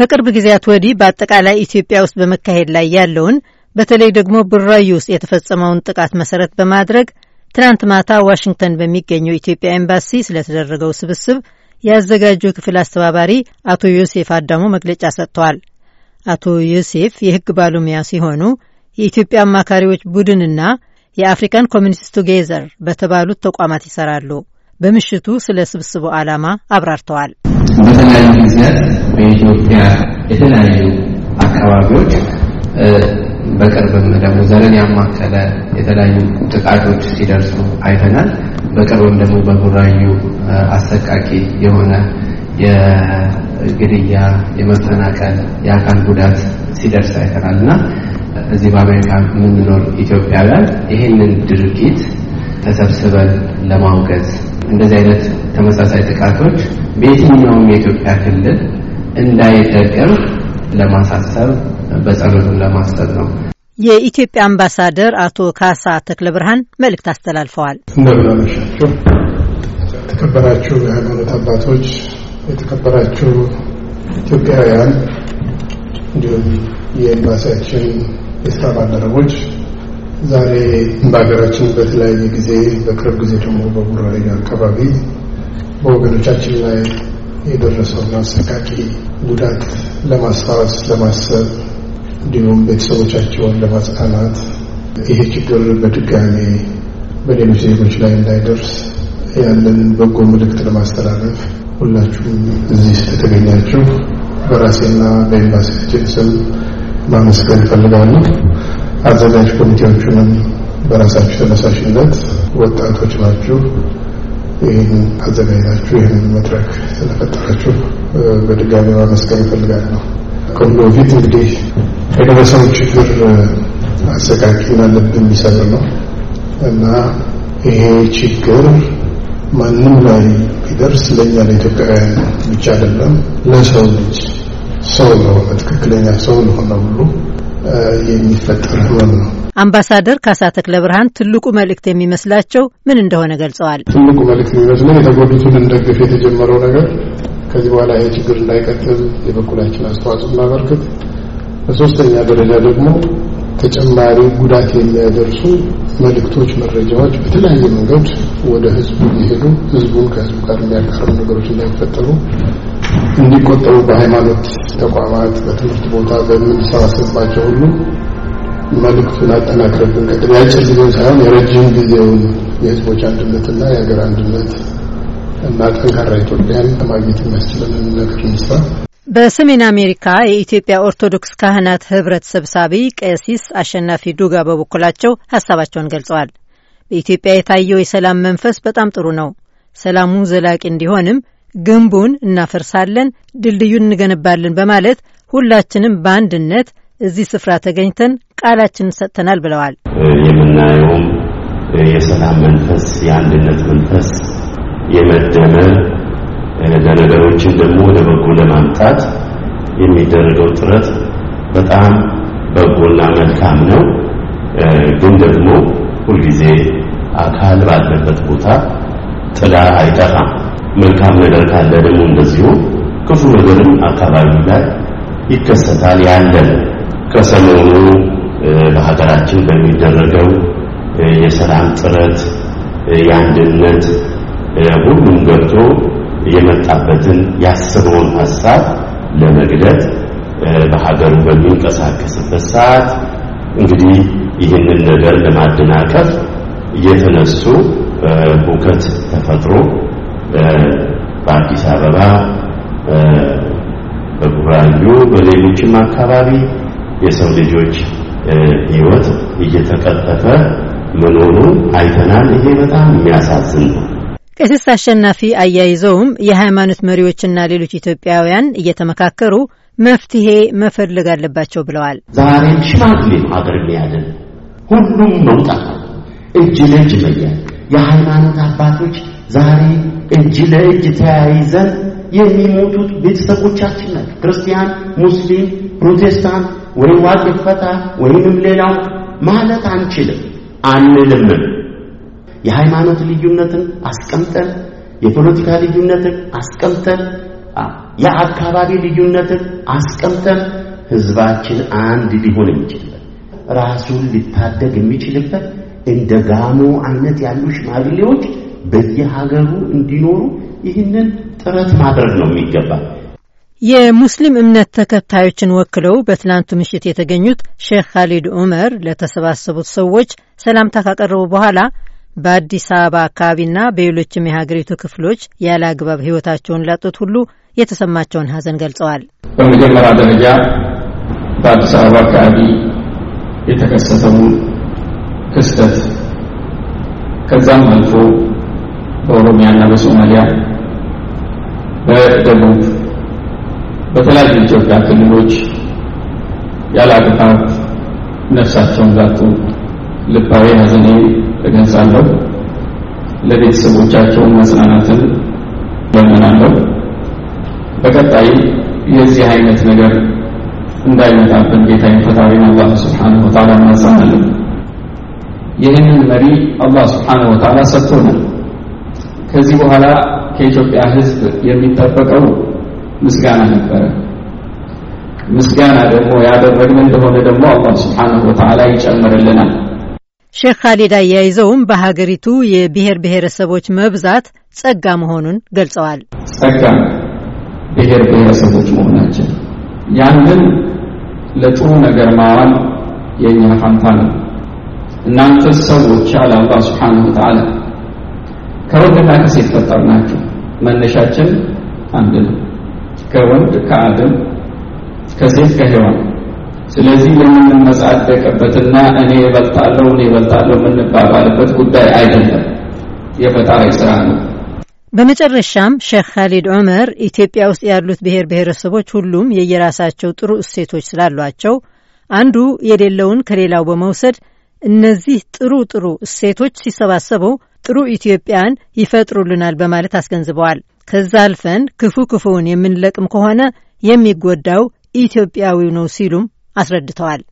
ከቅርብ ጊዜያት ወዲህ በአጠቃላይ ኢትዮጵያ ውስጥ በመካሄድ ላይ ያለውን በተለይ ደግሞ ቡራዩ ውስጥ የተፈጸመውን ጥቃት መሰረት በማድረግ ትናንት ማታ ዋሽንግተን በሚገኘው ኢትዮጵያ ኤምባሲ ስለተደረገው ስብስብ ያዘጋጀው ክፍል አስተባባሪ አቶ ዮሴፍ አዳሙ መግለጫ ሰጥተዋል። አቶ ዮሴፍ የሕግ ባለሙያ ሲሆኑ የኢትዮጵያ አማካሪዎች ቡድንና የአፍሪካን ኮሚኒስት ቱጌዘር በተባሉት ተቋማት ይሰራሉ። በምሽቱ ስለ ስብስቡ ዓላማ አብራርተዋል። በተለያዩ ጊዜያት በኢትዮጵያ የተለያዩ አካባቢዎች በቅርብም ደግሞ ዘርን ያማከለ የተለያዩ ጥቃቶች ሲደርሱ አይተናል። በቅርብም ደግሞ በቡራዩ አሰቃቂ የሆነ የግድያ፣ የመፈናቀል፣ የአካል ጉዳት ሲደርስ አይተናል እና እዚህ በአሜሪካ የምንኖር ኢትዮጵያውያን ይህንን ድርጊት ተሰብስበን ለማውገዝ እንደዚህ አይነት ተመሳሳይ ጥቃቶች በየትኛውም የኢትዮጵያ ክልል እንዳይጠቅም ለማሳሰብ በጸሎቱን ለማሰብ ነው። የኢትዮጵያ አምባሳደር አቶ ካሳ ተክለ ብርሃን መልእክት አስተላልፈዋል። እንደምናመሻችሁ የተከበራችሁ የሃይማኖት አባቶች፣ የተከበራችሁ ኢትዮጵያውያን እንዲሁም የኤምባሲያችን የስራ ባልደረቦች ዛሬ በሀገራችን በተለያየ ጊዜ በቅርብ ጊዜ ደግሞ በጉራሌ አካባቢ በወገኖቻችን ላይ የደረሰውን አሰቃቂ ጉዳት ለማስታወስ ለማሰብ እንዲሁም ቤተሰቦቻቸውን ለማጽናናት ይሄ ችግር በድጋሚ በሌሎች ዜጎች ላይ እንዳይደርስ ያለን በጎ ምልክት ለማስተላለፍ ሁላችሁም እዚህ ስለተገኛችሁ በራሴና በኤምባሲያችን ስም ማመስገን እፈልጋለሁ። አዘጋጅ ኮሚቴዎቹንም በራሳችሁ ተነሳሽነት ወጣቶች ናችሁ ይህንን አዘጋጅታችሁ ይህንን መድረክ ስለፈጠራችሁ በድጋሚ ማመስገን እፈልጋለሁ። ከሁሉ በፊት እንግዲህ የደረሰው ችግር አሰቃቂና ልብ የሚሰብር ነው እና ይሄ ችግር ማንም ላይ ቢደርስ ለእኛ ለኢትዮጵያውያን ብቻ አይደለም፣ ለሰው ልጅ ሰው ለሆነ ትክክለኛ ሰው ለሆነ ሁሉ የሚፈጠር ህመም ነው። አምባሳደር ካሳ ተክለ ብርሃን ትልቁ መልእክት የሚመስላቸው ምን እንደሆነ ገልጸዋል። ትልቁ መልእክት የሚመስለው የተጎዱትን እንደግፍ፣ የተጀመረው ነገር ከዚህ በኋላ ይህ ችግር እንዳይቀጥል የበኩላችን አስተዋጽኦ እናበርክት። በሶስተኛ ደረጃ ደግሞ ተጨማሪ ጉዳት የሚያደርሱ መልእክቶች፣ መረጃዎች በተለያየ መንገድ ወደ ህዝቡ እየሄዱ ህዝቡን ከህዝቡ ጋር የሚያቀርቡ ነገሮች እንዳይፈጠሩ እንዲቆጠሩ በሃይማኖት ተቋማት፣ በትምህርት ቦታ፣ በምንሰባሰብባቸው ሁሉ መልእክቱን አጠናክረን ብንቀጥል የአጭር ጊዜውን ሳይሆን የረጅም ጊዜውን የህዝቦች አንድነትና የሀገር አንድነት እና ጠንካራ ኢትዮጵያን ለማግኘት የሚያስችለን ነገር እንስራ። በሰሜን አሜሪካ የኢትዮጵያ ኦርቶዶክስ ካህናት ህብረት ሰብሳቢ ቀሲስ አሸናፊ ዱጋ በበኩላቸው ሀሳባቸውን ገልጸዋል። በኢትዮጵያ የታየው የሰላም መንፈስ በጣም ጥሩ ነው። ሰላሙ ዘላቂ እንዲሆንም ግንቡን እናፈርሳለን፣ ድልድዩን እንገነባለን በማለት ሁላችንም በአንድነት እዚህ ስፍራ ተገኝተን ቃላችን ሰጥተናል ብለዋል። የምናየውም የሰላም መንፈስ፣ የአንድነት መንፈስ፣ የመደመር ለነገሮችን ደግሞ ለበጎ ለማምጣት የሚደረገው ጥረት በጣም በጎና መልካም ነው። ግን ደግሞ ሁልጊዜ አካል ባለበት ቦታ ጥላ አይጠፋም። መልካም ነገር ካለ ደግሞ እንደዚሁ ክፉ ነገርም አካባቢ ላይ ይከሰታል ያለን ከሰሞኑ በሀገራችን በሚደረገው የሰላም ጥረት የአንድነት ሁሉም ገብቶ የመጣበትን ያስበውን ሀሳብ ለመግለጥ በሀገሩ በሚንቀሳቀስበት ሰዓት እንግዲህ ይህንን ነገር ለማደናቀፍ እየተነሱ ሁከት ተፈጥሮ በአዲስ አበባ፣ በጉራዩ፣ በሌሎችም አካባቢ የሰው ልጆች ህይወት እየተቀጠፈ መኖሩን አይተናል። ይሄ በጣም የሚያሳዝን ነው። ቄስ አሸናፊ አያይዘውም የሃይማኖት መሪዎችና ሌሎች ኢትዮጵያውያን እየተመካከሩ መፍትሄ መፈለግ አለባቸው ብለዋል። ዛሬም ሽማግሌ ነው ሀገር ያለን። ሁሉም መውጣት እጅ ለእጅ መያል የሃይማኖት አባቶች ዛሬ እጅ ለእጅ ተያይዘን የሚሞቱት ቤተሰቦቻችን ናቸው። ክርስቲያን፣ ሙስሊም፣ ፕሮቴስታንት ወይም ዋጅ ይፈታ ወይንም ሌላው ማለት አንችልም አንልም። የሃይማኖት ልዩነትን አስቀምጠን የፖለቲካ ልዩነትን አስቀምጠን የአካባቢ ልዩነትን አስቀምጠን ህዝባችን አንድ ሊሆን የሚችልበት ራሱን ሊታደግ የሚችልበት እንደ ጋሞ አይነት ያሉ ሽማግሌዎች በየሀገሩ እንዲኖሩ ይህንን ጥረት ማድረግ ነው የሚገባ። የሙስሊም እምነት ተከታዮችን ወክለው በትላንቱ ምሽት የተገኙት ሼክ ካሊድ ዑመር ለተሰባሰቡት ሰዎች ሰላምታ ካቀረቡ በኋላ በአዲስ አበባ አካባቢና በሌሎችም የሀገሪቱ ክፍሎች ያለ አግባብ ሕይወታቸውን ላጡት ሁሉ የተሰማቸውን ሀዘን ገልጸዋል። በመጀመሪያ ደረጃ በአዲስ አበባ አካባቢ የተከሰተውን ክስተት ከዛም አልፎ በኦሮሚያና በሶማሊያ በደቡብ በተለያዩ የኢትዮጵያ ክልሎች ያለ ነፍሳቸውን ላጡ ልባዊ ሐዘኔን እገልጻለሁ። ለቤተሰቦቻቸውን መጽናናትን እለምናለሁ። በቀጣይ የዚህ አይነት ነገር እንዳይመጣብን ጌታዬ ፈጣሪን አላህ ሱብሓነሁ ወተዓላ እናጽናለን። ይህንን መሪ አላህ ሱብሓነሁ ወተዓላ ሰጥቶናል። ከዚህ በኋላ ከኢትዮጵያ ሕዝብ የሚጠበቀው ምስጋና ነበረ። ምስጋና ደግሞ ያደረግን እንደሆነ ደግሞ አላህ ስብሓንሁ ወተዓላ ይጨምርልናል። ሼክ ካሊድ አያይዘውም በሀገሪቱ የብሔር ብሔረሰቦች መብዛት ጸጋ መሆኑን ገልጸዋል። ጸጋ ብሔር ብሔረሰቦች መሆናችን ያንን ለጥሩ ነገር ማዋል የእኛ ፋንታ ነው። እናንተ ሰዎች አለ አላህ ስብሓንሁ ወተዓላ ከወንድና ከሴት ፈጠርናችሁ፣ መነሻችን አንድ ነው። ከወንድ ከአደም ከሴት ከሔዋን ስለዚህ የምንመጻደቅበትና እኔ እበልጣለሁ እኔ እበልጣለሁ የምንባባልበት ጉዳይ አይደለም፣ የፈጣሪ ስራ ነው። በመጨረሻም ሼክ ካሊድ ዑመር ኢትዮጵያ ውስጥ ያሉት ብሔር ብሔረሰቦች ሁሉም የየራሳቸው ጥሩ እሴቶች ስላሏቸው አንዱ የሌለውን ከሌላው በመውሰድ እነዚህ ጥሩ ጥሩ እሴቶች ሲሰባሰቡ ጥሩ ኢትዮጵያን ይፈጥሩልናል በማለት አስገንዝበዋል። ከዛ አልፈን ክፉ ክፉውን የምንለቅም ከሆነ የሚጎዳው ኢትዮጵያዊው ነው ሲሉም አስረድተዋል።